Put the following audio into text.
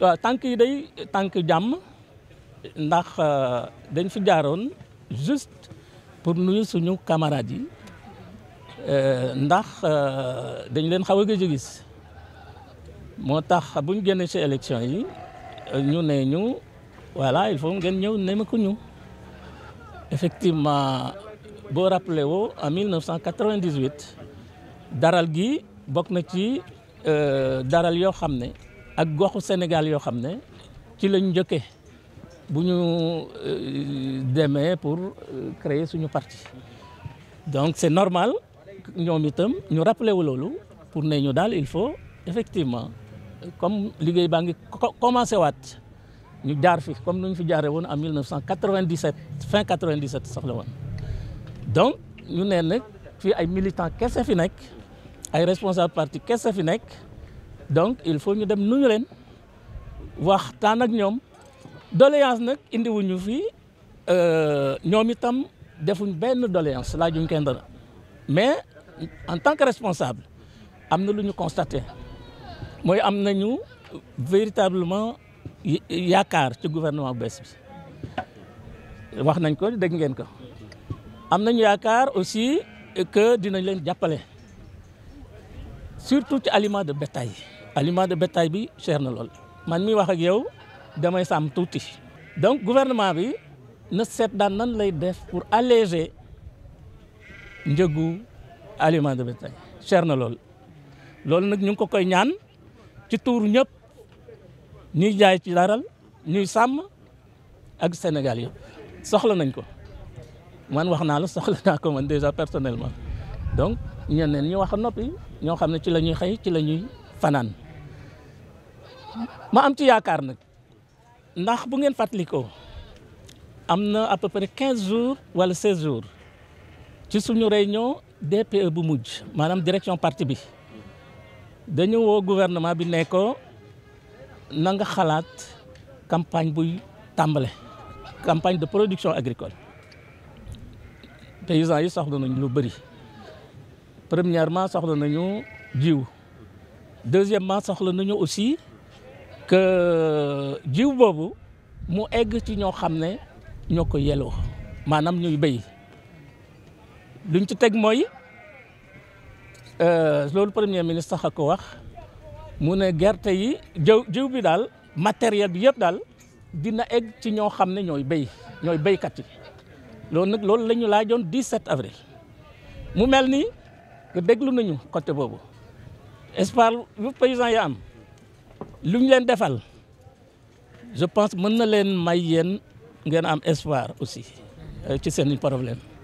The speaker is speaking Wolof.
Euh, Tant que yi day que jam, ndax euh, dañ fi jaaroon juste pour nuyu suñu camarades yi euh, ndax dañ leen xaw a gëj a gis moo tax ci élection yi ñu ne ñu voilà il faut ngeen ñëw ko ñu effectivement boo rappelé woo en 1998 daral gi bokk na ci daral yoo xam ne ak goxu Sénégal yo xamné ci lañu njëkkee buñu euh, démé pour euh, créer suñu parti donc c'est normal ñom itam ñu rappelé wu loolu pour ne ñu il faut effectivement comme liggéey baa commencé wat ñu jaar fi comme nu ñu fi jaaré won en 1997 fin 97 sax la donc ñu né nak fi ay militants kese fi nekk ay responsables parti kese fi donc il faut ñu dem nuyu leen waxtaan ak ñoom doléance nag indi wuñu fii euh, ñoom itam defuñ benn doléance laajuñ kenn dara mais en tant que responsable am na constater, ñu constaté véritablement yaakaar ci gouvernement bu bi wax nañ ko dégg ngeen ko am nañu aussi que dinañ leen jappalé surtout ci aliments de bétail aliment de bétail bi cher na lool man mi wax ak yow damay sàmm tuuti. donc gouvernement bi na seet daan nan lay def pour alléger njëgu aliment de bétail cher na lool loolu nag ñu ngi ko koy ñaan ci tuur ñëpp ñuy jaay ci daral ñuy sàmm ak senegal yëpp soxla nañ ko man wax naa la soxla naa ko man déjà personnellement donc ñeneen ñu wax a noppi ñoo xam ne ci la ñuy xëy ci la ñuy fanaan Je suis très heureux. Je suis très Il y a à peu près 15 jours ou 16 jours. Je suis une réunion de DPE Boumoudj, La direction parti. Je suis au gouvernement de Neko. Je suis campagne de campagne de production agricole. Les paysans ont fait dans le Premièrement, ils ont fait le Dieu. Deuxièmement, ils ont sont aussi. que jiw boobu mu egg ci ñoo xam ne ñoo ko yelloo maanaam ñuy béy luñ ci teg mooy euh, loolu premier ministre sax a ko wax mu ne gerte yi jiw jiw bi daal matériel bi yëpp daal dina egg ci ñoo xam ne ñooy béy ñooy béykat yi loolu nag loolu la ñu laajoon 17 avril mu mel ni déglu nañu côté boobu espoir bu paysan yi am. lu leen defal je pense mën na leen may yéen ngeen am espoir aussi euh, ci seen problème